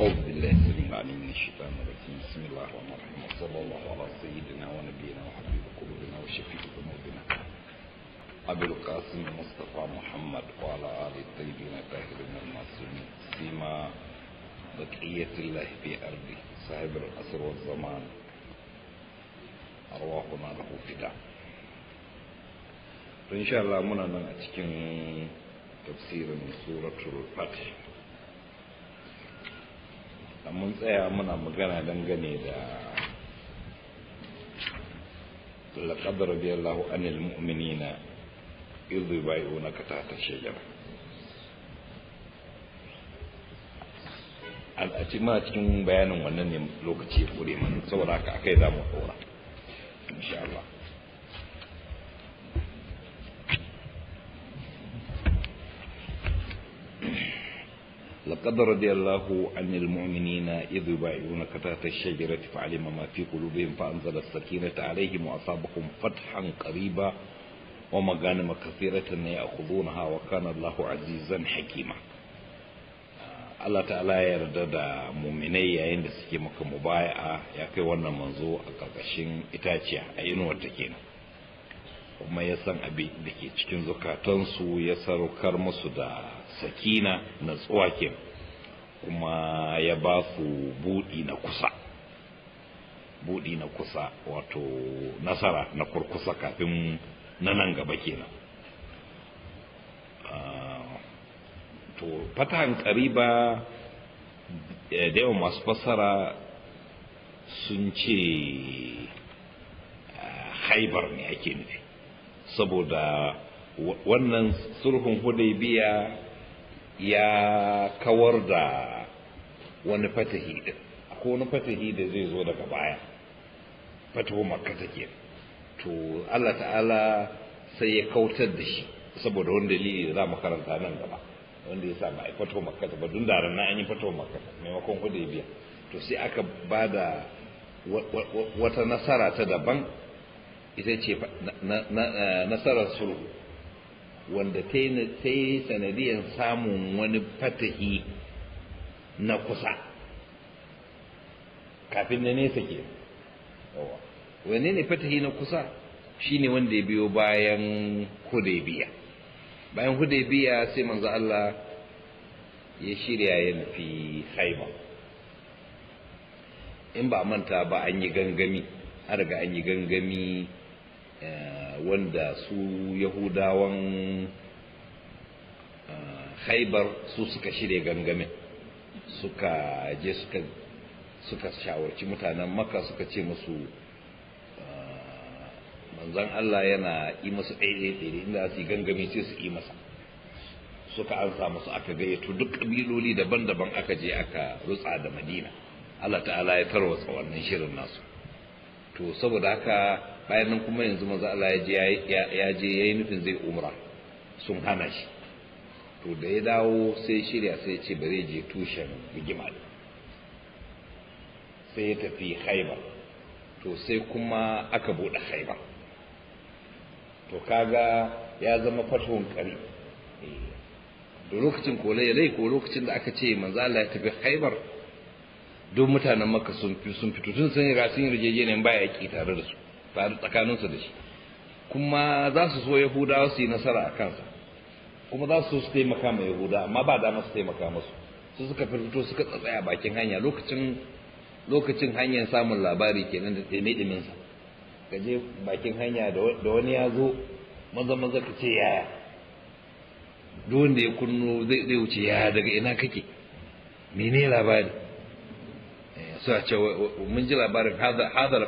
أعوذ بالله السميع العليم من الشيطان الرجيم بسم الله الرحمن الرحيم وصلى الله على سيدنا ونبينا وحبيب قلوبنا وشفيع ذنوبنا أبي القاسم مصطفى محمد وعلى آله الطيبين الطاهرين المعصومين سيما بقية الله في أرضه صاحب العصر والزمان أرواحنا له فداء إن شاء الله منا نأتيكم تفسير من سورة الفتح mun tsaya muna magana dangane da laƙadar rabiyallahu anil mu'minina izu bai una ka ta ta a al'aci ma cikin bayanin wannan ne lokaci ya kure mana saboda haka yi za mu kora insha Allah لقد رضي الله عن المؤمنين إذ يبايعونك تحت الشجرة فعلم ما في قلوبهم فأنزل السكينة عليهم وأصابهم فتحا قريبا ومغانم كثيرة يأخذونها وكان الله عزيزا حكيما Allah ta'ala ya yarda da muminai yayin da suke maka mubaya'a ya kai wannan manzo a ƙarƙashin itaciya a inuwar ta kenan kuma ya san abin da ke cikin zukatansu ya sarukar musu da sakina na tsuwa kenan kuma ya ba su buɗi na kusa buɗi na kusa wato nasara na kurkusa kafin na nan gaba kenan ah, to fatahan ƙariba eh, da yawan masu fassara sun ce ah, haibar ne ake nufi saboda wannan sulhun hudaybiya ya kawar da wani fatahi din akwai wani fatahi da zai zo daga baya fatahu makka take to Allah ta'ala sai ya kautar da shi saboda wani dalili za mu karanta nan gaba wanda ya sa ba a fatahu makka ba dun da ran an yi fatahu makka maimakon biya to sai aka ba da wata nasara ta daban ita ce eh, nasarar sulhu wanda ta yi sanadiyar samun wani fatahi na kusa kafin na nesa ke Wani ne fatahi na kusa shi ne wanda ya biyo bayan hudaybiya bayan hudaybiya sai manzo Allah ya shirya ya nufi haima. in ba manta ba an yi gangami har riga an yi gangami Eh, wanda su yahudawan eh, haibar su suka shirya gangamin suka je suka suka shawarci mutanen maka suka ce musu eh, manzan Allah yana yi masu ɗaiɗaiɗaiɗai inda su yi gangami sai su yi masa suka ansa musu aka gayyato duk ƙabiloli daban-daban aka je aka rutsa da madina Allah ta'ala ya tarwatsa wannan shirin nasu to saboda haka bayan nan kuma yanzu manzo Allah ya je ya je yayi nufin zai umra sun hana shi to da ya dawo sai shirya sai ce ba zai je tushen bigima ne sai ya tafi haiba to sai kuma aka buɗe haiba to kaga ya zama fatuhun ƙari da eh, lokacin kolayyalai ko lokacin da aka ce manzo Allah ya tafi haibar duk mutanen maka sun fito tun sun yi rasin yi baya ba yaƙi tare da su tsakaninsu da shi kuma za su so yahudawa su yi nasara a kansa kuma za su so su taimaka ma yahuda amma ba dama su taimaka masu su suka fito suka tsatsaya bakin hanya lokacin lokacin hanyar samun labari kenan da tsene ɗiminsa ka je bakin hanya da wani ya zo maza maza ka ce yaya duk wanda ya kunno zai zai wuce yaya daga ina kake mene labari eh, sai a ce mun ji labarin hadar hadar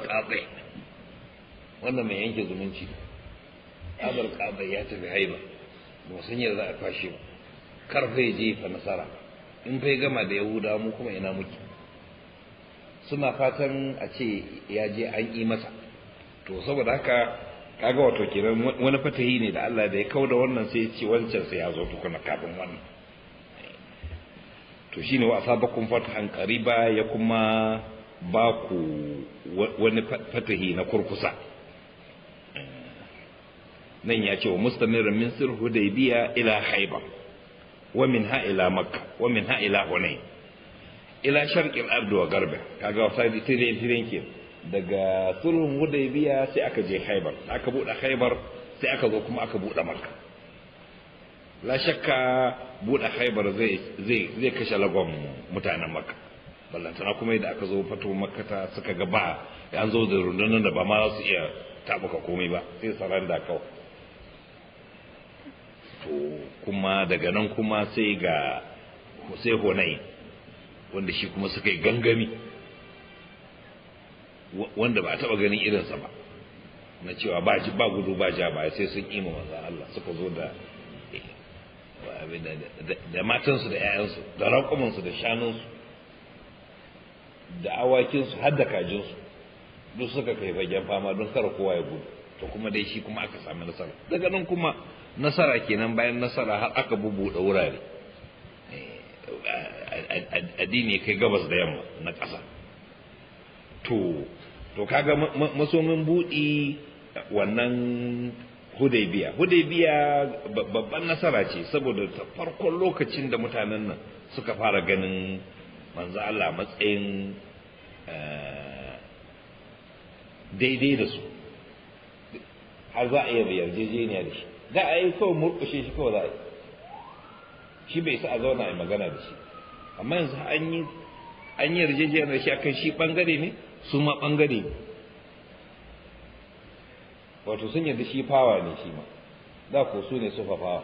wannan mai yanke zumunci abar kabai ya tafi haiba ba san yadda za a fashe ba karfe jefa nasara in fai gama da yahuda mu kuma ina muke suna fatan a ce ya je an yi masa to saboda haka kaga wato kenan wani fatahi ne da Allah da ya da wannan sai ya ce wancan sai ya zo tukuna kafin wannan to shine wa asabakum fatahan qariba ya kuma ba ku wani fatahi na kurkusa nan ya ce wa mustamirin min sir hudaybiya ila khaybar wa ha ila makka wa ha ila hunay ila sharqil ardi wa garba kaga sai tire tire ke daga sulhun hudaybiya sai aka je khaybar aka buɗe khaybar sai aka zo kuma aka buɗe makka la shakka buɗe khaybar zai zai zai kashe lagon mutanen makka ballantana kuma yadda aka zo fato makata suka ga ba an zo da rundunar da ba ma za su iya tabuka komai ba sai saranda kawai to kuma daga nan kuma sai ga sai honai wanda shi kuma suka yi gangami wanda ba a taɓa ganin irinsa ba na cewa ba ji ba gudu ba ja ba sai sun ima manzan Allah suka zo da da matansu da 'ya'yansu da raƙumansu da shanunsu da awakinsu har da kajinsu duk suka kai fagen fama don kar kowa ya gudu to kuma dai shi kuma aka sami nasara daga nan kuma nasara kenan bayan nasara har aka bubuɗe wurare eh, addini kai gabas da yamma na ƙasa to to kaga masomin buɗi wannan hudaybiya hudaybiya babban nasara ce saboda ta farkon lokacin da mutanen nan suka fara ganin manzo Allah matsayin eh, daidai da su har za a iya yarjejeniya da shi za a yi kawai murƙushe shi kawai za a yi shi bai sa a zauna a magana da shi amma yanzu an yi an yi yarjejeniyar shi akan shi bangare ne su ma bangare ne wato sun yarda shi fawa ne shi ma da ko su ne sufa fafawa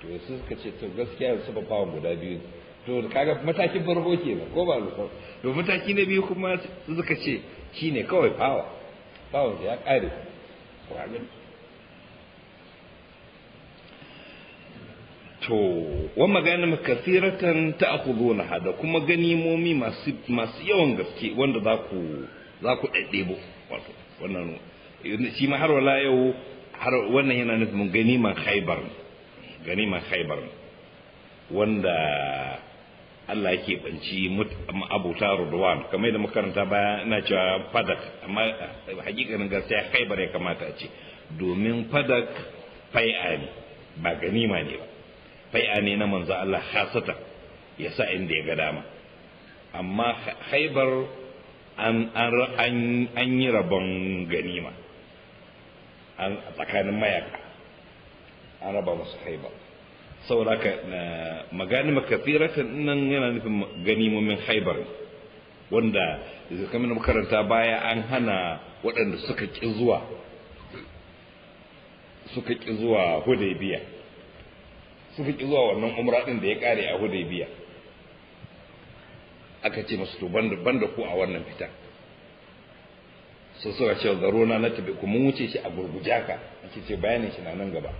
to su suka ce to gaskiya sufa fafawa guda biyu to kaga matakin farko ba ko ba zuwa to mataki na biyu kuma suka ce shi ne kawai fawa fawa ya kare to wa mu kasiratan ta'khuduna hada kuma ganimomi masu masu yawan gaske wanda za ku za ku daddebo wato wannan shi ma har wala yau har wannan yana nufin ganiman khaybar ganiman khaybar wanda Allah yake banci abuta Rudwan kamar da makaranta baya ina cewa fadak amma hakikanin gaskiya khaybar ya kamata a ce domin fadak fai'a ne ba ganima ne ba bai'a ne na manzo Allah khasata ya sa inda ya ga dama amma haibar an yi rabon ganima a tsakanin mayaka an raba musu haibar saboda haka magani kafiratan nan yana nufin ganimomin haibar wanda kamar makaranta baya an hana waɗanda suka ƙi zuwa suka ƙi zuwa hudaybiya Su ki zuwa wannan umra din da ya kare a hudaybiya aka ce musu to banda banda ku a wannan fita sun suka ce zarona na tabi ku mun wuce shi a gurguja ka ake ce bayanin shi na nan gaba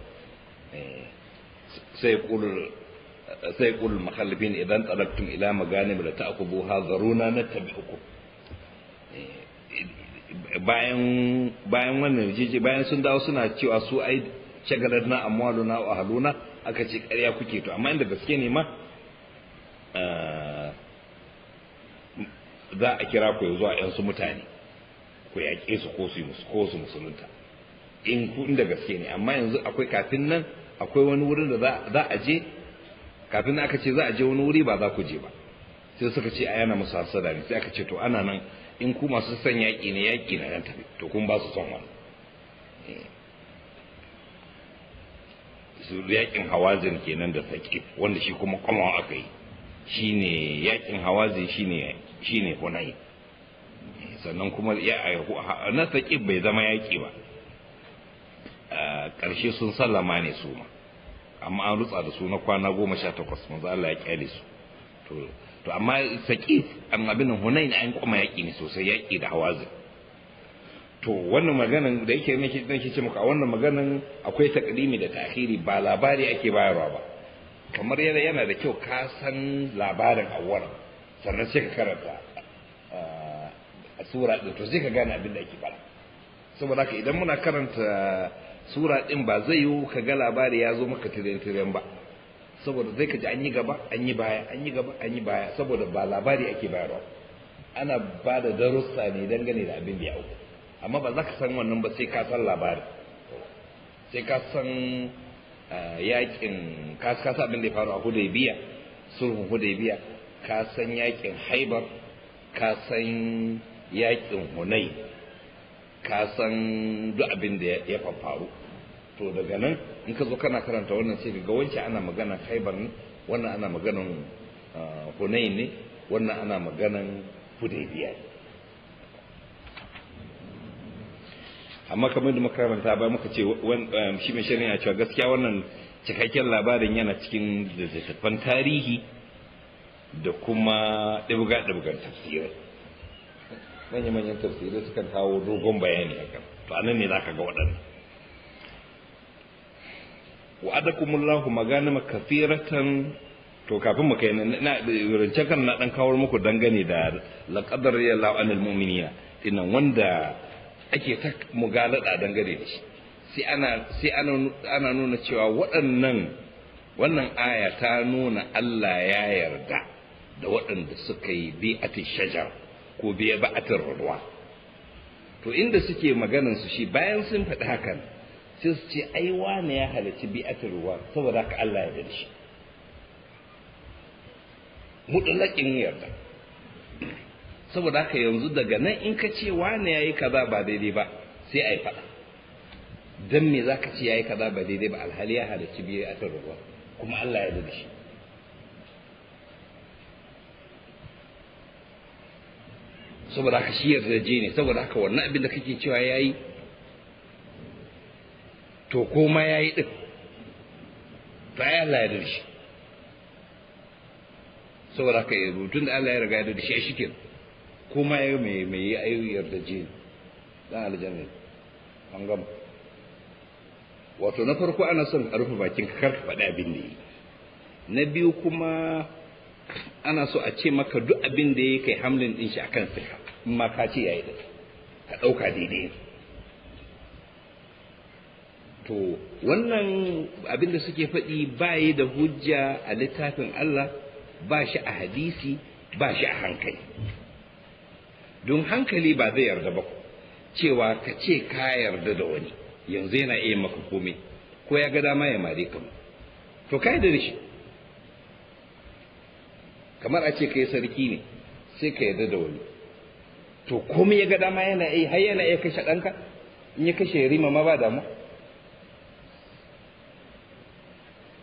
eh, sai kulul sai kulul makhallifin idan talabtum ila maganim la ta'khuduha zaruna nattabi'ukum eh, bayan bayan wannan jiji bayan sun dawo suna cewa su ai shagalar na amwaluna wa ahluna aka ce ƙarya kuke to amma inda gaske ne ma eh, za a kira ku yanzu a yansu mutane ku yaƙe su ko su musulunta in ku inda gaske ne amma yanzu akwai kafin nan akwai wani wurin da za a je kafin aka ce za a je wani wuri ba za ku je ba sai suka ce a yana musu hasada ne sai aka ce to ana nan in ku masu son yaƙi ne yaƙi na nan tafi to kun ba su son wani eh. yakin hawazin kenan da saƙif wanda shi kuma kwamawa aka yi shi ne yakin hawazin shi ne hunayi sannan kuma na saƙi bai zama yaki ba ƙarshe sun sallama ne su ma amma an rutsa da su na kwana goma sha takwas manzo Allah ya kyale su to amma saƙif amma abin hunayi an kwama yaƙi ne sosai yaƙi da hawazin to wannan maganan da yake nake nake ce muku a wannan maganan akwai takdimi da ta'khiri ba labari ake bayarwa ba kamar yana yana da kyau ka san labarin awwal sannan sai ka karanta ah, a sura din to sai ka gane abin da ake fara saboda haka idan muna karanta sura din ba zai yiwu ka ga labari ya zo maka tiren tiren ba saboda zai ka ji an yi gaba an yi baya an yi gaba an yi baya saboda ba labari ake bayarwa ana ba da darussa ne dangane da abin da ya auku amma ba za ka san wannan ba sai ka san labari sai ka san eh, yakin ka san abin da ya faru a hudaybiya sulhun hudaybiya ka san yakin haibar ka san yakin hunai ka san duk abin da ya faru to daga nan in ka zo kana karanta wannan sai ga wancan ana magana haibar ne wannan ana maganan eh, hunai ne wannan ana maganan hudaybiya ne amma kamar da muka makaranta ba muka ce um, shi mai shirin ya cewa gaskiya wannan cikakken labarin yana cikin littattafan tarihi da kuma ɗabga ɗabgan tafsirai manya-manyan tafsirai sukan kawo dogon bayani a kan to anan ne za ka ga waɗannan wa wa'adakumullahu maganima kathiratan to kafin mu kai na rancen kan na dan kawo muku dangane da laqadar ya la'anil mu'minina inna wanda ake ta mugalada dangane da shi sai ana sai ana nuna cewa waɗannan wannan aya ta nuna Allah ya yarda da waɗanda suka yi bi'ati shajar ko biya ba'atin ruwa to inda suke maganan su shi bayan sun faɗi hakan sai su ce ai wane ya halarci bi'atin ruwa saboda haka Allah ya yarda shi yarda saboda haka yanzu daga nan in ka ce wane yayi kaza ba daidai ba sai ai faɗa dan me zaka ce yayi kaza ba daidai ba alhali ya halarci biyu a kan ruwa kuma Allah ya da shi saboda haka shi je ne saboda haka wannan abin da kake cewa yayi to koma yayi din to ai Allah ya da shi saboda haka yanzu tun da Allah ya riga ya da shi shikenan kuma ya mai mai yi da yardaje dan aljanna an gama wato na farko ana son a rufe bakin ka faɗi abin da yi na biyu kuma ana so a ce maka duk abin da ya kai hamlin din shi akan siha in ma ka ce yayi da ka ɗauka daidai to wannan abin da suke faɗi ba yi da hujja a littafin Allah ba shi a hadisi ba shi a hankali don hankali ba zai yarda ba cewa ka ce ka yarda da wani yanzu yana iya maka komai ko ya ga dama ya mare ka to ka da shi kamar a ce kai sarki ne sai ka yarda da wani to komai ya ga dama yana iya har yana iya kashe ɗanka in ya kashe rima ma ba damu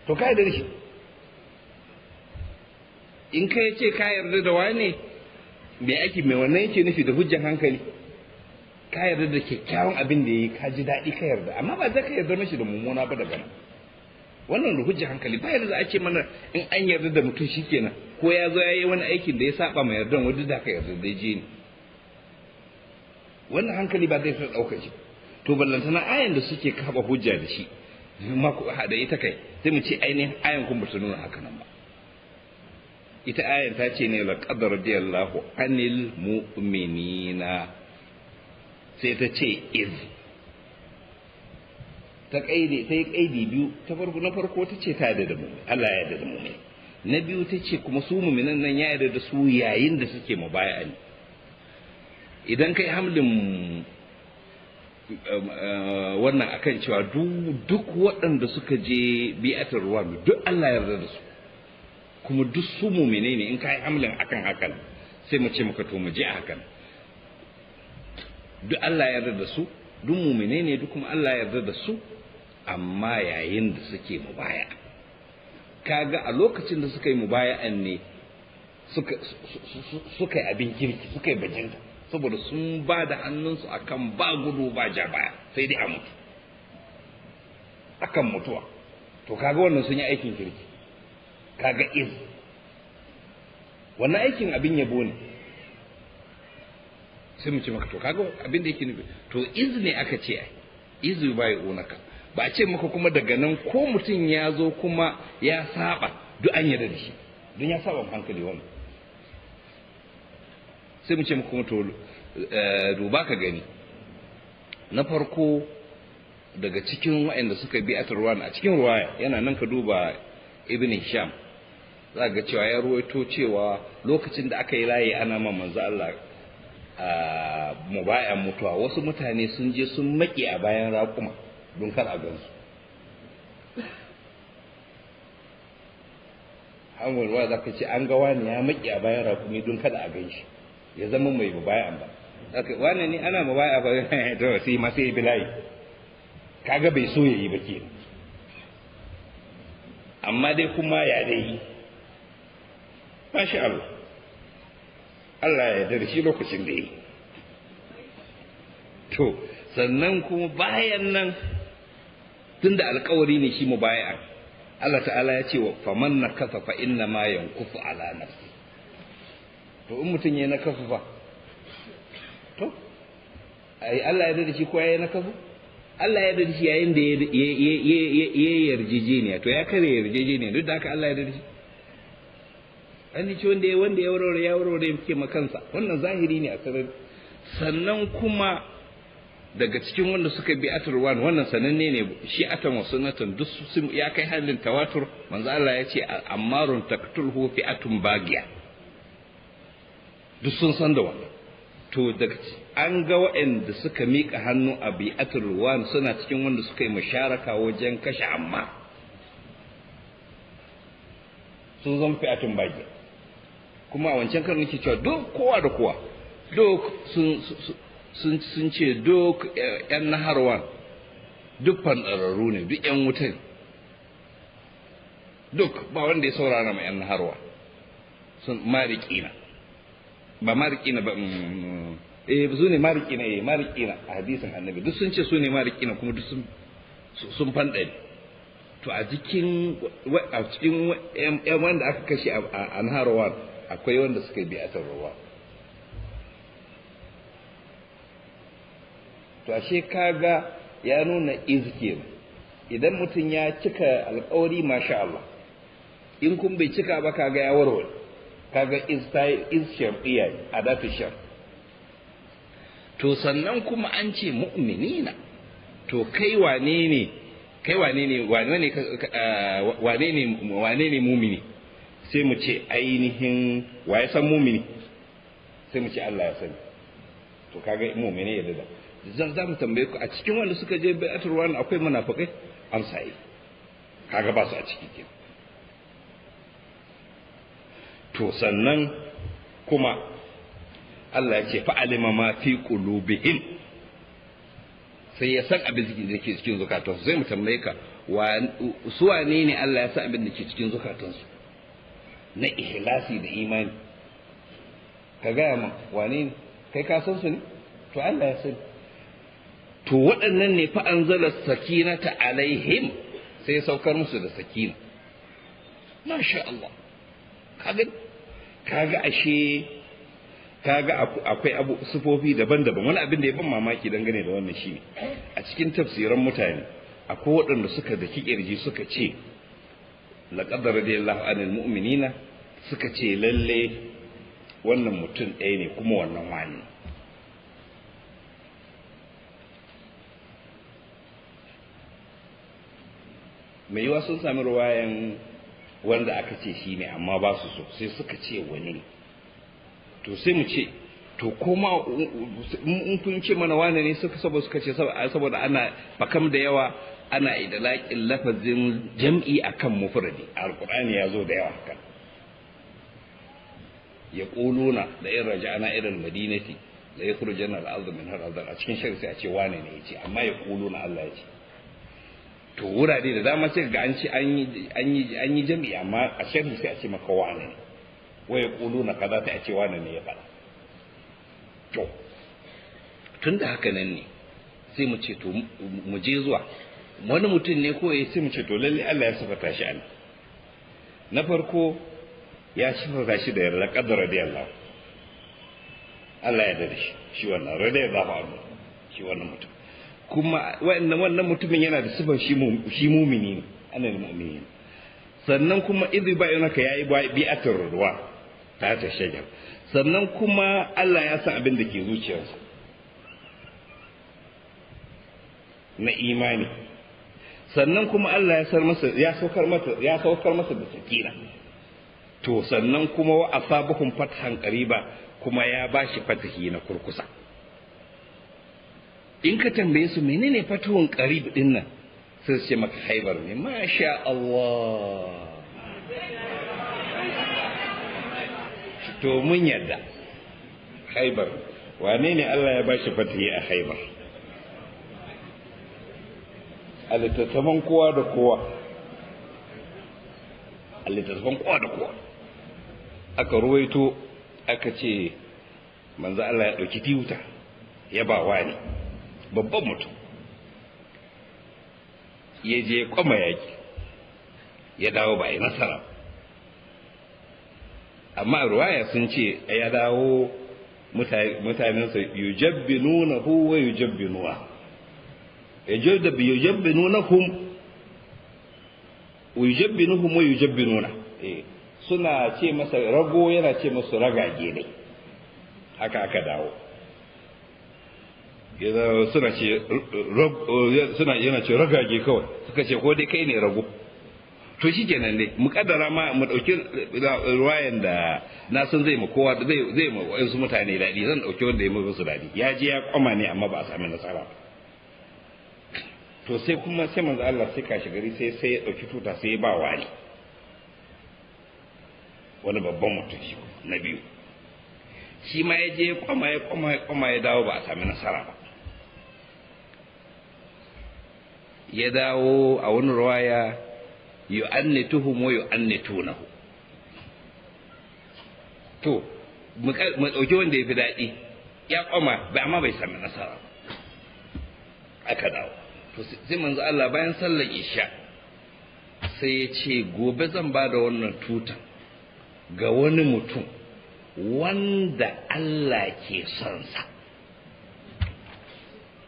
to ka da shi in ka ce ka yarda da wani me ake mai wannan yake nufi da hujjan hankali ka yarda da kyakkyawan abin da yayi ka ji daɗi ka yarda amma ba za ka yarda mashi da mummuna ba daga nan wannan da hujjan hankali ba za a ce mana in an yarda da mutum kenan, ko ya zo ya yi wani aikin da ya saba ma yardan wanda da ka yarda da je ne wannan hankali ba zai ɗauka shi to ballantana ayan da suke kaba hujja da shi ma ta ita kai sai mu ce ainihin ayan kun ba su nuna haka nan ba ita ayan ta ce ne laqad radiyallahu anil mu'minina sai ta ce iz ta kaidi ta yi kaidi biyu ta farko na farko ta ce ta da da mu'min Allah ya da da mu'min na biyu ta ce kuma su mu'minan nan ya yarda da su yayin da suke mubaya'a ne idan kai hamlin um, uh, wannan akan cewa duk waɗanda suka je bi'atar ruwa duk Allah ya yarda da su kuma duk su mu ne in kai yi hamlin akan hakan sai mu ce maka to mu je hakan duk Allah ya yarda da su duk mu ne duk kuma Allah ya yarda da su amma yayin da suke mubaya kaga a lokacin da suka yi mubaya'an ne suka suka yi abin kirki suka yi bajin saboda sun ba da hannunsu akan ba gudu ba ja baya sai dai a mutu akan mutuwa to kaga wannan sun yi aikin kirki kaga iz wannan aikin abin yabo ne sai mu ce maka to kaga abin da yake nufi to iz ne aka ce ai iz bai onaka ba a ce maka kuma daga nan ko mutum ya zo kuma ya saba duk an yarda da shi don ya saba hankali wannan sai mu ce maka kuma to eh, duba ka gani na farko daga cikin wa'anda suka bi a a cikin ruwaya yana nan ka duba ibn hisham za ga cewa ya ruwaito cewa lokacin da aka yi layi ana ma manzo Allah a mubayan mutuwa wasu mutane sun je sun maki a bayan raƙuma don kar a gansu an walwa za ka ce an ga wani ya maki a bayan raƙumi don kada a gan shi ya zama mai mubayan ba aka wani ne ana mubaya ba to sai ma sai bilayi kaga bai so yayi ba ke. amma dai kuma ya dai masha Allah Allah ya yarda da shi lokacin da yi to sannan kuma bayan nan tunda alkawari ne shi mubaya'a Allah ta'ala ya ce wa faman kafa fa inna ma yankufu ala nafsi to in mutum na kafa fa to ai Allah ya yarda da shi ko yayi kafa? Allah ya yarda da shi yayin da ya yarjejeniya to ya kare yarjejeniya duk da haka Allah ya yarda da shi an ce wanda ya wanda ya warware ya warware yake makansa wannan zahiri ne a sarari sannan kuma daga cikin wanda suka bi aturwan wannan sananne ne shi atan wa sunnatan duk ya kai halin tawatur manzo Allah ya ce ammarun taqtulhu fi atun bagiya duk sun san da wannan to daga an ga waɗanda suka miƙa hannu a bi'atul ruwan suna cikin wanda suka yi masharaka wajen kashe amma sun zama fi'atun bagiya kuma a wancan karni ke cewa duk kowa da kowa duk sun sun ce duk eh, yan naharwa duk fanɗararru ne duk yan wutan duk ba wanda ya saurara ma yan naharwa sun marikina ba marikina ba mm, mm, eh su ne marikina eh marikina a hadisin annabi duk sun ce su ne marikina kuma duk sun sun ne to a cikin a cikin wanda aka kashe a naharwa akwai wanda suka yi bi'atar ruwa to ashe kaga ya nuna izkin idan mutum ya cika alkawari masha Allah in kun bai cika ba kaga ya warware kaga iz ta iz shar'iyya adatu shar to sannan kuma an ce mu'minina to kai wane ne kai wane ne wane ne eh, mumini sai mu ce ainihin wa ya san mumini sai mu ce Allah ya sani to kaga mumini ya dada zan za mu tambaye ku a cikin wanda suka je bai'atul wani akwai munafikai amsa yi eh. kaga ba su a ciki ke to sannan kuma Allah ya ce alima ma fi qulubihim sai ya san abin da ke cikin zukatansu sai mu tambaye ka su wane ne Allah ya san abin da ke cikin zukatansu na ikhlasi da imani ka gaya ma wane ne kai ka san su ne to Allah ya sani to waɗannan ne fa anzala sakinata alaihim sai saukar musu da sakina masha Allah kaga kaga ashe kaga akwai abu sufofi daban-daban wani abin da ya ban mamaki dangane da wannan shi a cikin tafsiran mutane akwai waɗanda suka daki kirji suka ce da radiyallahu anil mu'minina suka ce lalle wannan mutum ɗaya ne kuma wannan wani mai yiwa sun sami ruwayan wanda aka ce shi ne amma ba su so sai suka ce wani to sai mu ce to koma in kun ce mana wani ne suka saboda suka ce saboda ana bakam da yawa ana idalakin lafazin jam'i akan mufradi alqur'ani ya zo da yawa haka yaquluna da in raja'na ila almadinati la yakhrujanna al-ardu min azar a cikin sai a ce wane ne yace amma ya yaquluna Allah yace to wurare da dama sai ga an ci an yi an yi amma a sharhi sai a ce maka wane ne wa yaquluna kaza sai a ce wane ne ya faɗa to tunda haka nan ne sai mu ce to mu je zuwa wani mutum ne ko ya ce mu ce to lalle Allah ya sifata shi an na farko ya sifata shi da yarda kadar radiyallahu Allah ya dade shi shi wannan radiyallahu anhu shi wannan mutum kuma wannan wannan mutumin yana da sifar shi shi mumini ne anil mu'minin sannan kuma idhi bayanaka yayi bi'atur ruwa ta ta shajar sannan kuma Allah ya san abin da ke zuciyarsa na imani sannan kuma Allah ya sar masa ya saukar masa ya saukar masa da sakina to sannan kuma wa asabuhum fathan qariba kuma ya bashi fatahi na kurkusa in ka tambaye su menene fatuwan qarib din nan sai su ce maka haibar ne masha Allah to mun yarda haibar wane ne Allah ya bashi fatahi a haibar a littattafan kowa da kowa a littattafan kowa da kowa aka ruwaito aka ce manzo Allah ya ɗauki tiwuta ya ba wani babban mutum ya je kwama yaki ya dawo ba yi nasara amma ruwaya sun ce ya dawo mutanensa yujabbinunahu wa yujabbinuwa yujabbinunakum yujabbinuhum wa yujabbinuna suna ce masa rago yana ce masu ragage ne haka aka dawo yana suna ce suna yana ce ragage kawai suka ce ko dai kai ne rago to shi kenan ne mu kaddara ma mu dauki ruwayan da na san zai mu kowa zai zai mu wayansu mutane dadi zan dauki wanda ya musu dadi ya je ya koma ne amma ba a sami nasara ba to sai kuma sai manzo Allah sai kashi gari sai sai ya dauki tuta sai ya ba wani wani babban mutum shi na biyu shi ma ya je kwama ya kwama ya kwama ya dawo ba a sami nasara ba ya dawo a wani ruwaya yu'annituhum wa annitunahu to mu dauki wanda ya fi daɗi ya kwama ba amma bai sami nasara aka dawo to sai manzo Allah bayan sallar isha sai ya ce gobe zan ba da wannan tutan ga wani mutum wanda Allah ke son sa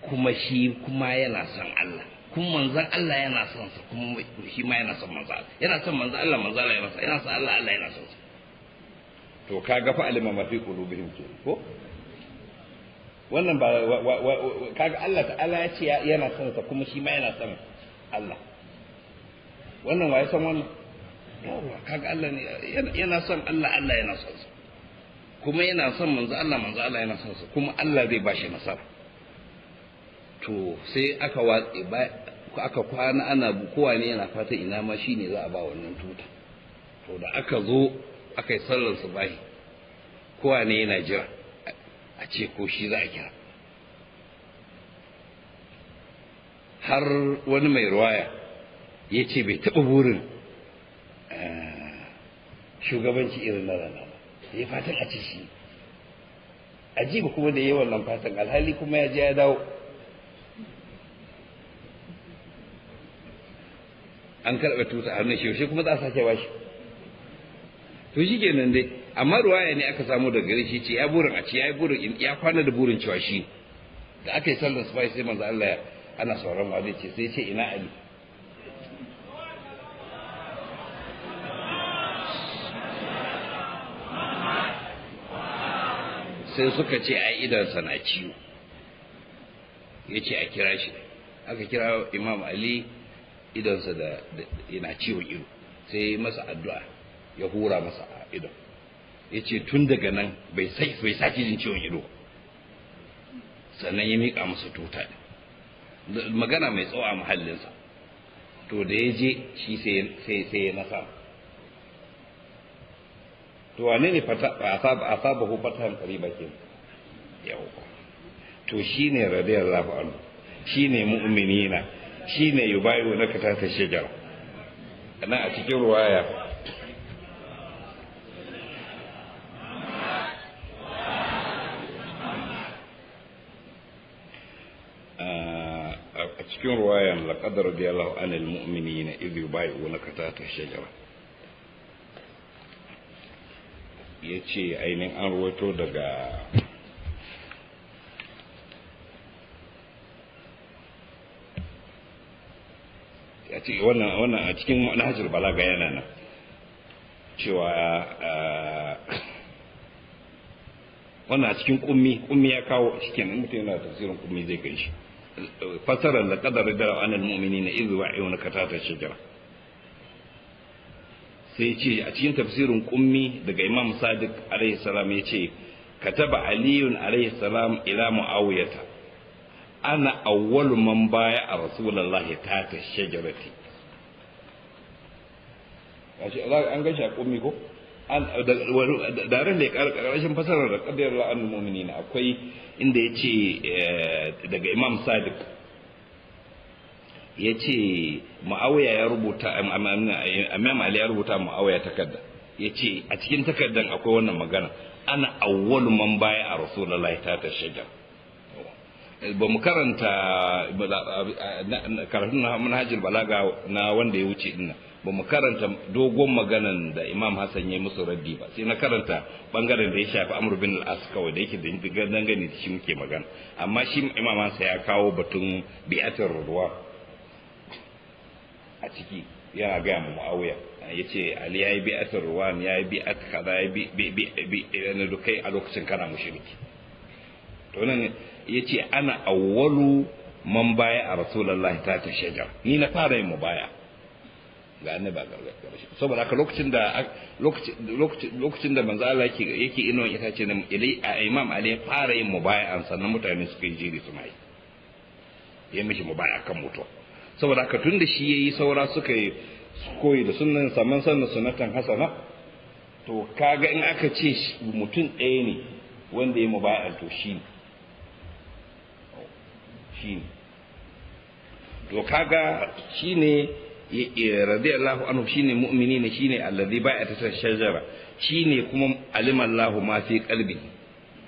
kuma shi kuma yana son Allah kuma manzan Allah yana son sa kuma shi ma yana son manzo Allah yana son manzo Allah manzo Allah yana son yana son Allah Allah yana son sa to kaga fa alimama fi qulubihim ko wannan ba kaga Allah ta'ala ya ce yana son sa kuma shi ma yana son Allah wannan waye san wannan yawa kaga Allah ne yana son Allah Allah yana son sa kuma yana son manzo Allah manzo Allah yana son sa kuma Allah zai bashi nasara to sai aka watsi aka kwana ana kowa ne yana fata ina ma shine za a ba wannan tuta to da aka zo aka yi sallar subahi kowa ne yana jira a ce ko shi za a kira har wani mai ruwaya ya ce bai taɓa burin eh, shugabanci irin na rana ba ya fatan a ce shi ajiba kuma da yawan nan fatan alhali kuma ya je ya dawo an karɓa tuta a hannun shi yaushe kuma za a sake washe to shi kenan dai amma ruwaya ne aka samu daga gare shi ce ya burin a ce ya burin ya kwana da burin cewa shi da aka yi sallar su sai manzo Allah ya ana sauran ma zai ce sai ce ina ali sai suka ce a idan na ciwo ya ce a kira shi aka kira imam ali idansa da yana ciwo ido sai masa addu'a ya hura masa idan idon ya ce tun daga nan bai sake jin ciwon ido sannan ya miƙa masa tuta magana mai tsawo a sa to da ya je shi sai ya nasa to wane ne asaba ko fatahan qariba ke yau to shine allahu anhu shine mu'minina shine yubayu nakata ta shajara ana a cikin ruwaya لقد رضي الله عن المؤمنين إذ يبايعونك تحت الشجرة yace ainihin an ruwaito daga a wannan wannan a cikin manhajar balaga yana nan cewa eh, wannan a cikin kummi kummi ya kawo cikin mutum yana tafsirin kummi zai gan shi fasarar da kadar da anan mu'mini na izu wa ayyuna katata shajara sai ce a cikin tafsirin kummi daga imam sadiq alaihi salam ya ce kataba aliyun alaihi salam ila muawiyata ana awwalu man baya a rasulullahi tata shajarati an gashi a ƙummi ko da da ya ƙarƙashin fasarar da ƙadiyar mumini na akwai inda ya ce daga imam sadiq ya ce ma'awuya ya rubuta imam ali ya rubuta ma'awuya takarda ya ce a cikin takardan akwai wannan magana ana awwalu man baya a rasulullahi ta ta shajar ba mu karanta karatun hajjar balaga na wanda ya wuce dinnan ba mu karanta dogon maganan da imam hassan ya yi musu raddi ba sai na karanta bangaren da ya shafi amur bin al'as kawai da yake da dangane da shi muke magana amma shi imam hassan ya kawo batun biyatar ruwa a ciki yana gaya mu mu'awiya ya ce ali ya yi biyatar ruwa ya yi bi'at kaza ya yi dukai a lokacin kana mushriki to nan ya ce ana awwalu man baya a rasulullahi ta ta shajar ni na fara yin mu ga annabi ba saboda haka lokacin da lokacin da manzo Allah yake yake inon ita ce a imam Ali ya fara yin mubaya'an sannan mutane suka yi jiri suna yi ya mishi mubaya'a kan mutuwa saboda haka tun da shi yayi saura suka yi koyi da sunnan saman sannan sunatan hasana to kaga in aka ce mutum ɗaya ne wanda ya mubaya'a to shi ne shi ne to kaga shi ne radiyallahu anhu shine mu'mini ne shine allazi baya ta shajara shine kuma alimallahu ma fi qalbi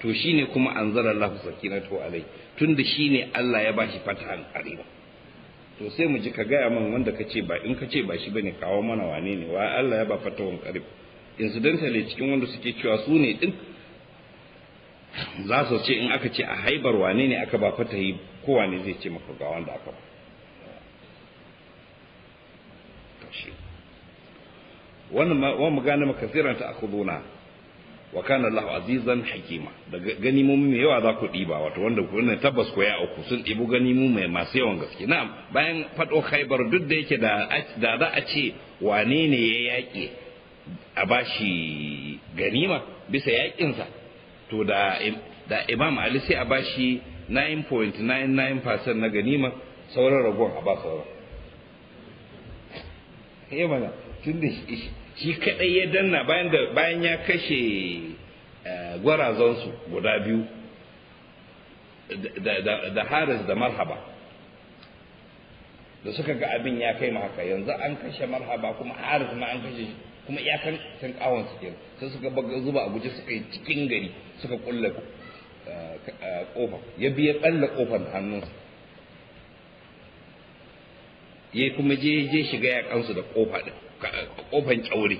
to shine kuma anzara Allahu sakinatu alai tunda shine Allah ya bashi fatan arewa to sai mu ji ka gaya min wanda ka ce ba in ka ce ba shi bane kawo mana wane ne wa Allah ya ba fatan arewa incidentally cikin wanda suke cewa su ne din za su ce in aka ce a haibar wane ne aka ba fatahi ko wane zai ce maka ga wanda aka ba shi wannan wa mu gane makasiran ta akhuduna wa kana Allahu azizan hakima daga ganimomi mai yawa za ku ɗiba wato wanda ku ne tabbas ku ya uku sun ɗibi ganimu mai masu yawan gaske na'am bayan faɗo khaybar duk da yake da za a ce wane ne ya yaƙi a bashi ganima bisa yaƙinsa to da da Imam Ali sai a bashi 9.99% na ganima sauran ragon a ba sauran ya eh, mana tun da shi kadai ya danna bayan ya kashe eh, gwarazansu guda biyu da haris da marhaba da suka ga abin ya kai haka yanzu an kashe marhaba kuma haris ma an kashe shi kuma iyakan can kawon su ke sai suka baga zuba a guje suka yi cikin gari suka kulle eh, kofa ya biya balla kofar hannunsa ya kuma je je shiga kansu da kofa kofan kyaure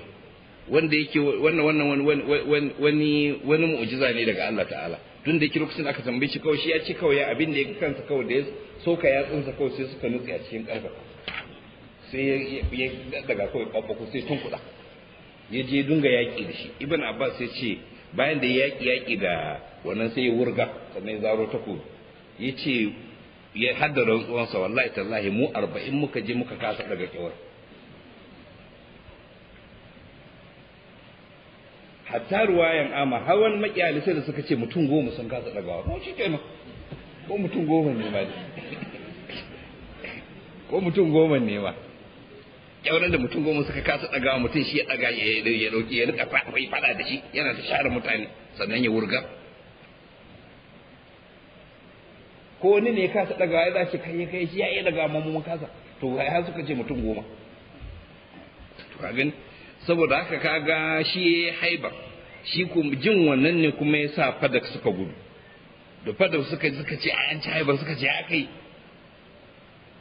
wanda yake wannan wannan wani wani wani mu'jiza ne daga Allah ta'ala tun da lokacin da aka tambaye shi kawai shi ya ci kawai abin da ya kansa kawai da ya soka yatsunsa kawai sai suka nutse a cikin ƙarfa sai ya daga kawai ko sai tun kuɗa ya je dunga yaƙi da shi ibn abbas ya ce bayan da yaƙi yaƙi da wannan sai ya wurga sannan ya zaro takobi ya ce ya hadda rantsuwansa wallahi tallahi mu arba'in muka je muka kasa daga kewar hatta ruwayan ama hawan makiyalisai da suka ce mutum goma sun kasa daga ko shi ma ko mutum goma ne ma ko mutum goma ne ma kyauran da mutum goma suka kasa wa mutum shi ya daga ya dauki ya rika fada da shi yana ta share mutane sannan ya wurga ko wani ne ya kasa daga ya zaki kai kai shi ya iya daga amma kasa to ga ya suka ce mutum goma to ga gani saboda haka kaga shi ya yi haiba shi ku jin wannan ne kuma ya sa fadak suka gudu da fadak suka suka ce a yanci haiba suka ce kai,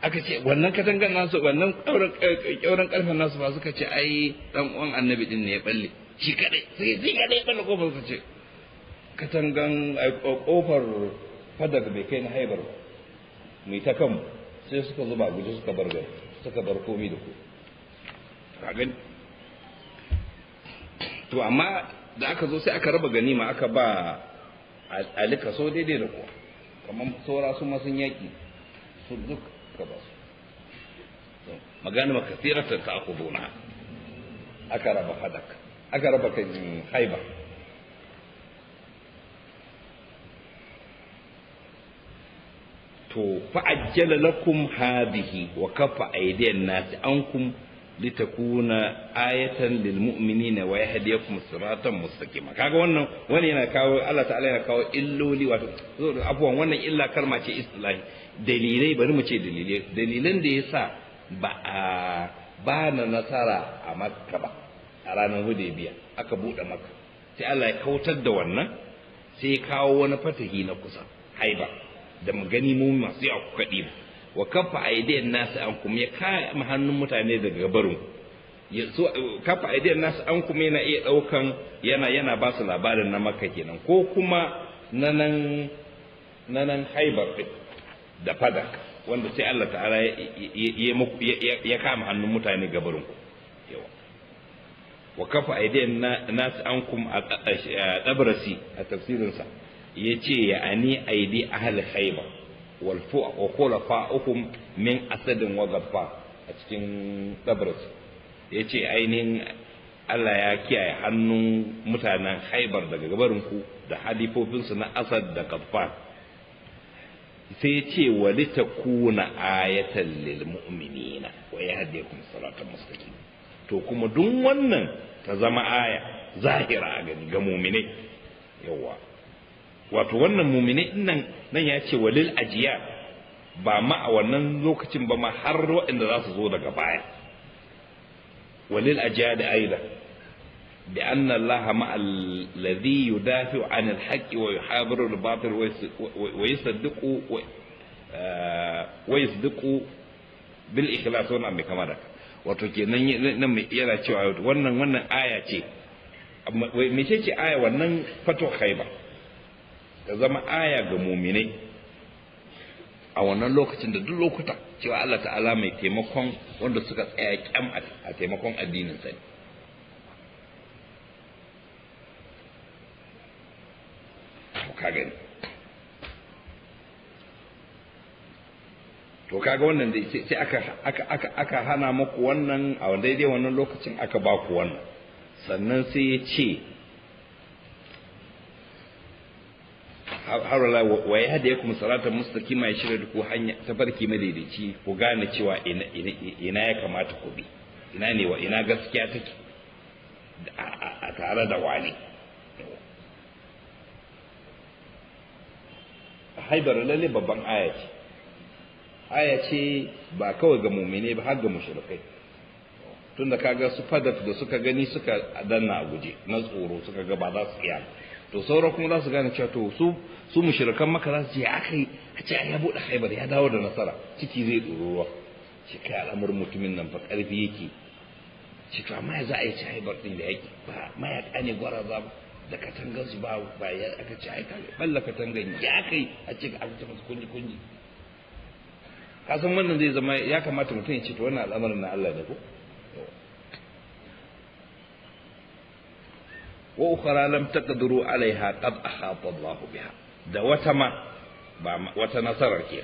aka ce wannan katangar nasu wannan ƙyauren ƙarfen nasu ba suka ce ai dan uwan annabi din ne ya balle shi kadai sai shi kadai balle kofar suka ce katangan kofar kada bai kai na haibar ba mai ta kanmu sai suka zuba guji suka bar gari suka bar komi da komi to amma da aka zo sai aka raba ganima aka ba ali kaso daidai da kuwa kamar saura su masu yaƙi su duk ka ba su magana maka tsirar ta aku aka raba fadak aka raba kan haibar to fa'ajjala lakum hadhihi wa kafa aydiyan nasi ankum litakuna ayatan lil mu'minina wa yahdiyakum siratan mustaqima kaga wannan wani yana kawo Allah ta'ala yana kawo illoli wato abuwan wannan illa kalma ce istilahi dalilai bari mu ce dalilai dalilan da yasa ba a ba na nasara a makka ba a ranar hudaybiya aka bude makka sai Allah ya kautar da wannan sai kawo wani fatahi na kusa haiba da mu gani mu masu yawa kuka kaɗi ba. wa kafa aidiyar nasu an kuma ya kama hannun mutane daga barin yanzu eh, kafa aidiyar nasu an kuma yana iya ɗaukan yana yana ba su labarin na makka kenan ko kuma na nan na nan haibar da fadak wanda sai Allah ta'ala ya kama hannun mutane gabarin ku wa kafa aidiyar nasu an kuma a ɗabarasi a tafsirinsa ya ce ya ani aidi ahal haiba wal wa khulafa'ukum min asadin wa a cikin dabrat ya ce ainihin Allah ya kiyaye hannun mutanen haibar daga gabarinku da halifofinsu na asad da gaffar sai ya ce wali ta kuna ayatan lil mu'minina wa ya hadiya kuma salatan mustaqim to kuma duk wannan ta zama aya zahira a gani ga mu'minai yawa wato wannan mumine nan nan ya ce walil ajiya ba ma a wannan lokacin ba ma har waɗanda za su zo daga baya walil ajiya da aida da. anna allaha ma alladhi yudafi an alhaq wa yuhadiru albatil wa yusaddiqu wa yusaddiqu eh, bil ikhlas wannan mai kama da wato kenan nan mai yana cewa wannan wannan aya ce me ce ce aya wannan fatu khaybar ta zama aya ga muminai a wannan lokacin da duk lokuta cewa Allah ta'ala mai taimakon wanda suka tsaya kyam a taimakon addinin sa ka gani to kaga wannan da sai aka aka aka aka hana muku wannan a wanda dai wannan lokacin aka ba ku wannan sannan sai ya ce harala wa ya hada yakum salatan mustaqima ya shirya da ku hanya tafarki madaidaici ku gane cewa ina ya kamata ku bi ina ne wa ina gaskiya take a tare da wani haibar lalle babban aya ce aya ce ba kawai ga mumine ba har ga mushrikai tunda kaga su fadat da suka gani suka danna a guje na tsoro suka ga ba za su iya to sauran kuma za su gane cewa to su su mushrikan maka za su ce aka yi a ce ya buɗe haibar ya dawo da nasara ciki zai ɗoruwa shi kai al'amur mutumin nan fa ƙarfi yake shi to amma za a yi ci haibar ɗin da yake ba mayaƙa ne za ba da katangar su ba ba ya aka ci aika balla katangar ya kai a ce ka aka masu kunji kunji kasan wannan zai zama ya kamata mutum ya ce to wannan al'amarin na Allah ne ko wa ukhra lam taqdiru alayha, qad ahata Allah biha da wata ma ba wata nasarar ke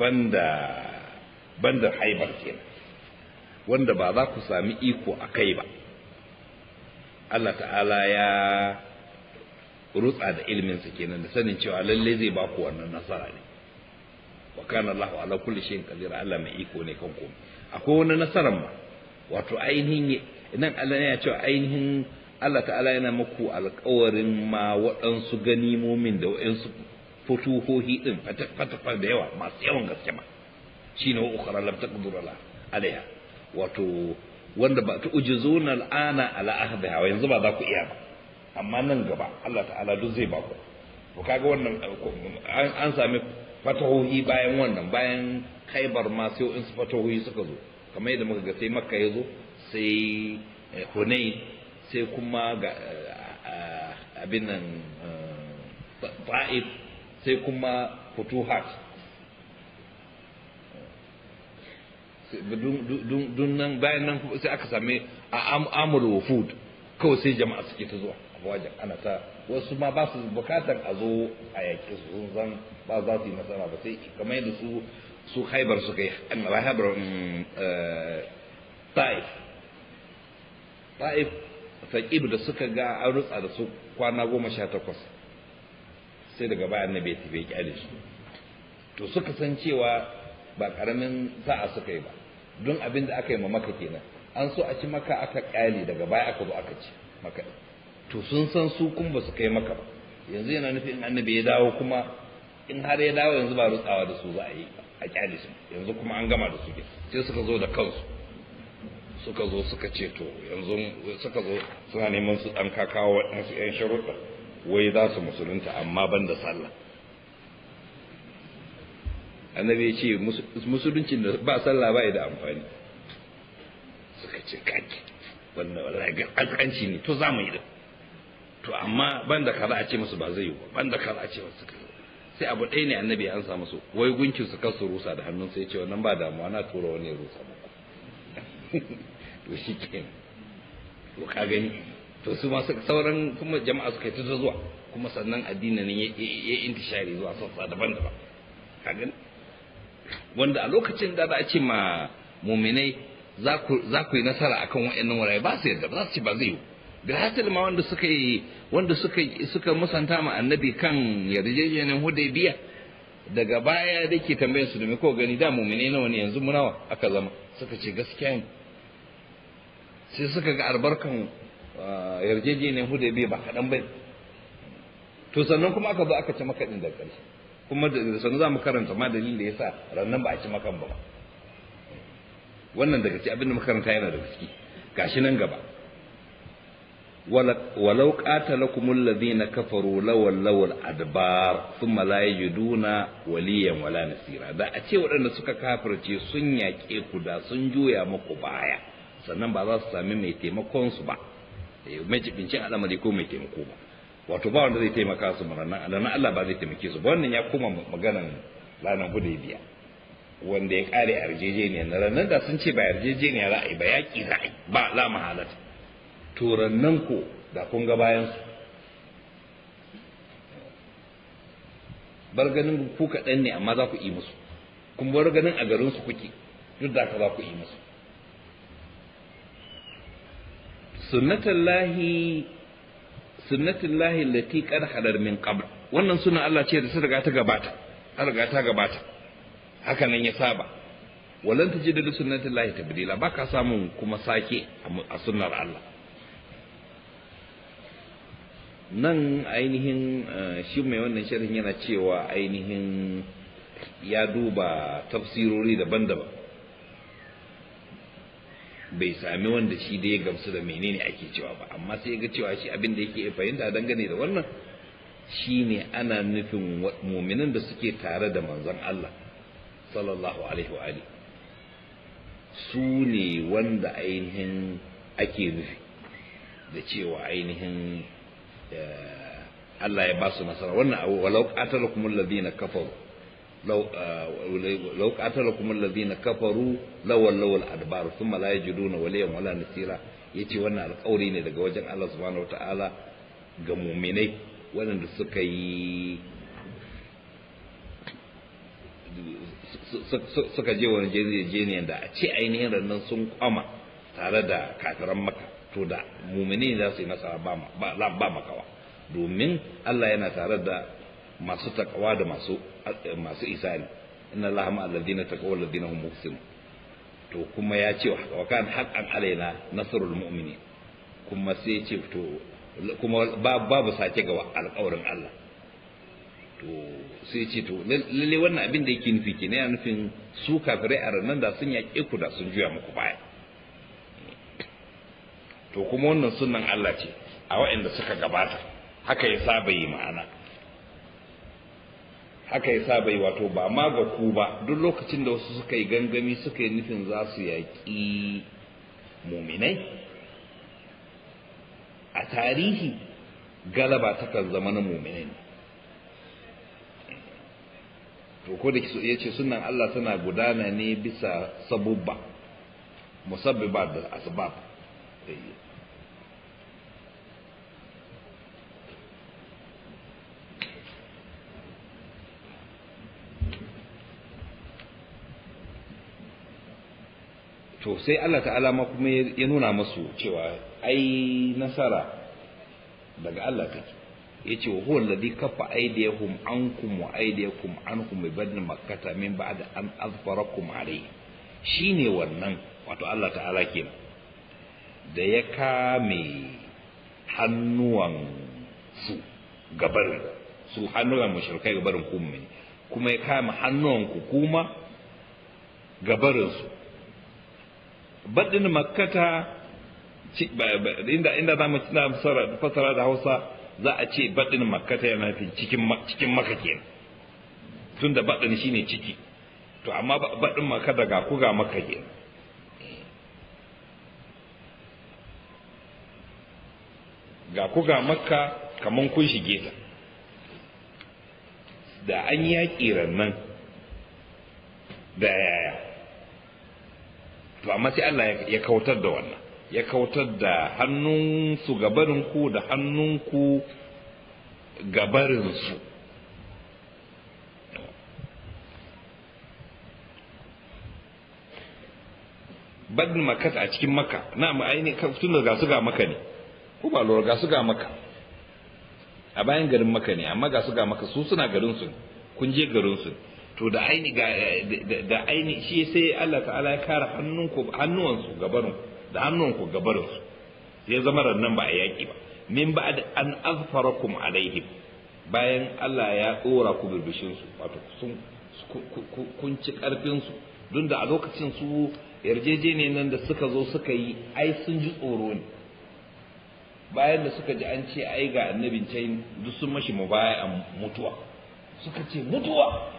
banda banda haibar ke wanda ba za ku sami iko a kai ba Allah ta'ala ya rutsa da ilminsa kenan da sanin cewa lalle zai ba ku wannan nasara ne wa kana Allahu ala kulli shay'in qadir Allah mai iko ne kan komai akwai wani nasaran ma wato ainihin nan Allah ne ya cewa ainihin Allah ta'ala yana muku alkawarin ma waɗansu ganimomin da waɗansu fotohohi ɗin fatafatar da yawa masu yawan gaske ma shi ne ukhra lam taqdur alaiha wato wanda ba tu'jizuna al'ana ala ahdiha hawa yanzu ba za ku iya ba amma nan gaba Allah ta'ala duk zai ba ku to kaga wannan an sami fatahohi bayan wannan bayan kaibar ma sai in su fatahohi suka zo kamar yadda muka ga sai makka ya zo sai eh, hunain sai kuma ga abin nan ta'if sai kuma futuhat dun nan bayan nan sai aka same a amul wufud kawai sai jama'a suke ta zuwa wajen ana ta wasu ma ba su bukatar a zo a yaƙi su zan ba za su yi nasara ba sai kamar yadda su su haibar su kai haibar mm, eh, ta'if ta'if saƙib da suka ga an rutsa da su kwana goma sha takwas sai daga bayan na bai tafi ƙyale su to suka san cewa ba ƙaramin sa'a suka yi ba don abin da aka yi ma maka kenan an so a ci maka aka ƙyale daga baya aka zo aka ci maka to sun san su kuma ba su kai maka ba yanzu yana nufin annabi ya dawo kuma in har ya dawo yanzu ba rutsawa da su za a yi a ƙyale su yanzu kuma an gama da su sai suka zo da kansu suka zo suka ce to yanzu suka zo suna neman su dan kakawa waɗansu 'yan sharuɗa wai za su musulunta amma ban da sallah annabi ya ce musuluncin da ba sallah ba da amfani suka ce kaki wannan wallahi ga kaskanci ne to za mu yi da to amma ban da kaza a ce musu ba zai yi ba ban da kaza a ce musu sai abu ɗaya ne annabi an ansa musu wai gunkin su kasu rusa da hannun sai ce wannan ba damuwa na tura wani rusa muku to shi kenan to ka gani to su ma sauran kuma jama'a suka yi ta zuwa kuma sannan addinin ya ya intishari zuwa sassa daban-daban ka gani wanda a lokacin da za a ce ma muminai za ku yi nasara akan wa'annan wurare ba su yarda ba za su ce ba zai yi da hasil ma wanda suka yi wanda suka suka musanta ma annabi kan yarjejeniyar hudaybiya daga baya da ke tambayar su da ko gani da muminai nawa ne yanzu munawa aka zama suka ce gaskiya ne sai suka ga albarkan ah, yarjejeniyar hudaybiya ba kaɗan bai to sannan kuma aka zo aka ci makaɗin da ƙarshe kuma da sannan za mu karanta ma dalilin da ya sa rannan ba a ci makan ba wannan daga ci abin da makaranta yana daga ciki gashi nan gaba walau qatalakumul na kafaru lawal lawal adbar sun la yajiduna waliyan wala nasira da a ce waɗanda suka kafirce sun yaƙe ku da sun juya muku baya sannan ba za su sami mai taimakon su ba eh, mai jibincin al'amari ko mai taimako ba wato ba wanda zai taimaka su ma nan Allah ba zai taimake su ba wannan ya koma maganan ranar hudaybiya wanda ya kare yarjejeniya na ranar da sun ce ba yarjejeniya za a ba yaƙi ra'ayi ba la mahalata to rannan ko da kun ga bayan su bar ganin ku kaɗan ne amma za ku yi musu kuma bar ganin a garin su kuke duk da ka za ku yi musu sunnatullahi sunnatullahi lati qad hadar min qabl wannan suna Allah ce da ta riga ta gabata ta riga ta gabata haka nan ya saba walan tajid da sunnatullahi tabdila baka samun kuma sake a sunnar Allah nan ainihin eh, shi mai wannan sharhin yana cewa ainihin ya duba tafsirori daban-daban bai sami wanda shi da ya gamsu da menene ake cewa ba amma sai ga cewa shi abin da yake fahimta dangane da wannan shi ne ana nufin muminan da suke tare da manzon Allah sallallahu alaihi wa su ne wanda ainihin ake nufi da cewa ainihin eh, Allah ya ba su nasara wannan walau na ladina kafaru لو قاتلكم kuma كفروا kafaru lawan lawan adbar sun malaye jiduna waliyan wala nasira ya ce wannan alƙawari ne daga wajen Allah subhanahu ta'ala ga muminai waɗanda suka yi suka je wani jejeniyan da a ce ainihin rannan sun kwama tare da kafiran maka to da mumini za su yi nasara ba makawa domin Allah yana tare da masu takawa da masu masu isani inna allaha ma alladhina takawa alladhina hum muhsinun to kuma ya ce wa kan haqqan alaina nasrul mu'minin kuma sai ce to kuma babu sace ga alƙawarin Allah to sai ce to lalle wannan abin da yake nufi ne ya nufin su kafirai a ranar da sun yaƙe ku da sun juya muku baya to kuma wannan sunan Allah ce a waɗanda suka gabata haka ya saba yi ma'ana aka yi sa bai wato ba ma ga ku ba duk lokacin da wasu suka yi gangami suka yi nufin za su yaƙi muminai a tarihi galaba takan zama na muminai ne to ko da iya ce sunan Allah tana gudana ne bisa sabubba musabbiba da asbab eh, to sai Allah ta'ala ma kuma ya nuna masu cewa ai nasara daga Allah take yace wa huwa alladhi kafa aydiyahum ankum wa aydiyakum an bi badn makkata min ba'd an azfarakum alayhi shine wannan wato Allah ta'ala kenan da ya kame hannuwan su gabarin su hannuwan mushrikai gabarin kuma kuma ya kame hannuwan ku kuma gabarin su baɗin makkata inda inda za mu fasara da hausa za a ce baɗin makkata yana nufin cikin maka ke tun da baɗin shine ciki to amma baɗin makka daga ku ga maka ke ga ku ga makka kaman kun shige ta da an yaƙi rannan da yaya to amma sai Allah ya kautar da wannan ya kautar da hannunsu ku da hannunku su badin makas a cikin maka na ma'aini tun da ga su ga maka ne ko ba lura ga su ga maka a bayan garin maka ne amma ga su ga maka su suna garinsu kun je garinsu to da aini eh, da aini shi sai Allah ta'ala ya kare hannunku hannuwansu gabarin da hannuwanku gabarin su sai zama rannan ba a yaki ba min da an azfarakum alaihim bayan Allah ya tsora ku birbishin su wato sun kun ci karfin su don da a lokacin su yarjejeniyar nan da suka zo suka yi ai sun ji tsoro ne bayan da suka ji an ce ai ga annabin can duk sun mashi mubaya'a mutuwa suka ce mutuwa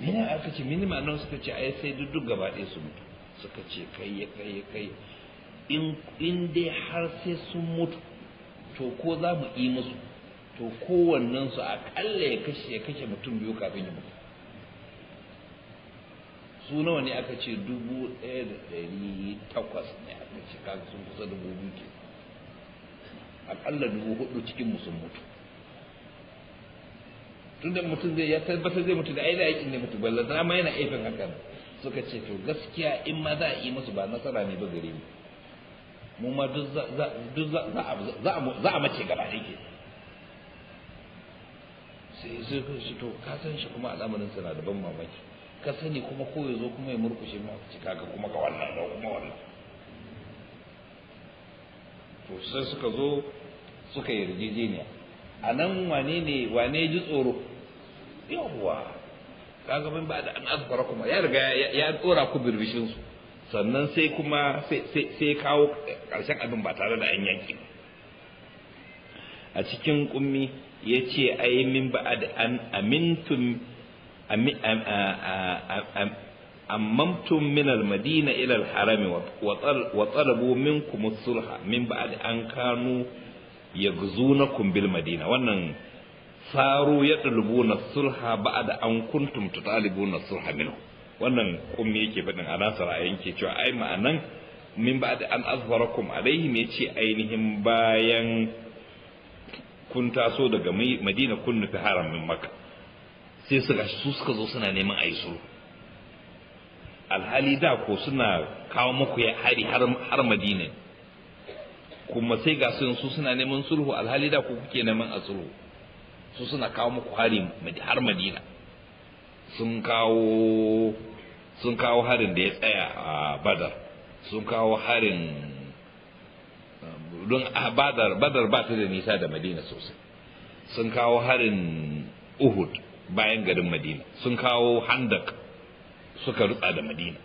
mene aka ce minima nan suka ce ai sai duk gaba ɗaya su mutu suka ce kai ya kai ya kai in dai har sai sun mutu to ko za mu yi musu to kowannen su akalla ya kashe ya kashe mutum biyu kafin ya mutu su nawa ne aka ce dubu ɗaya da ɗari takwas ne aka ce kaga sun kusa dubu biyu ke akalla dubu hudu cikin mu sun mutu tunda mutum zai ya tabbatar zai mutu da ai da aikin ne mutu balla dama yana aifin hakan suka ce to gaskiya in ma za a yi musu ba nasara ne ba gare mu mu ma duk za za za a mace gaba ne ke sai sai shi to ka san shi kuma al'amarin sana da ban mamaki ka sani kuma ko ya zo kuma ya murkushe ma ci kaga kuma ga wannan da kuma wannan to sai suka zo suka yarjejeniya a nan wane ne wane ji tsoro yawwa kaga min ba da an azbara kuma ya riga ya tsora ku birbishin su sannan sai kuma sai kawo karshen abin ba tare da an yanki a cikin kummi ya ce ai min ba da an amintum ammamtum min almadina ila alharam wa talabu minkum sulha min ba'd an kanu yagzunakum bil madina wannan saru ya na sulha ba da an kuntum na sulha minu wannan kummi yake faɗin a yanke ra'ayin ke cewa ai ma'anan min da an alaihi alaihim ce ainihin bayan kun taso daga madina kun nufi min maka sai suka su suka zo suna neman ayi sulhu alhali da ko suna kawo muku ya hari har madina kuma sai ga su suna neman sulhu alhali da ko kuke neman a sulhu su suna kawo muku hari har madina sun kawo sun kawo harin da ya tsaya a badar sun kawo harin um, don a badar badar ba ta da nisa da madina sosai sun kawo harin uhud bayan garin madina sun kawo handak suka rutsa da madina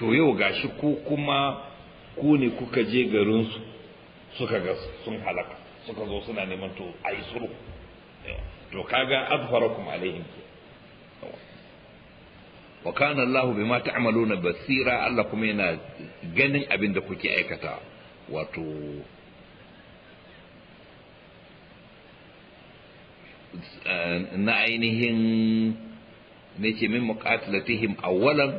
to yau gashi ku kuma ku ne kuka je garinsu suka ga sun halaka suka zo suna neman to a yi suru to kaga azfarakum alaihim wa kana Allahu bima ta'maluna basira Allah kuma yana ganin abin da kuke aikata wato eh, na ainihin ce min muqatilatihim awwalan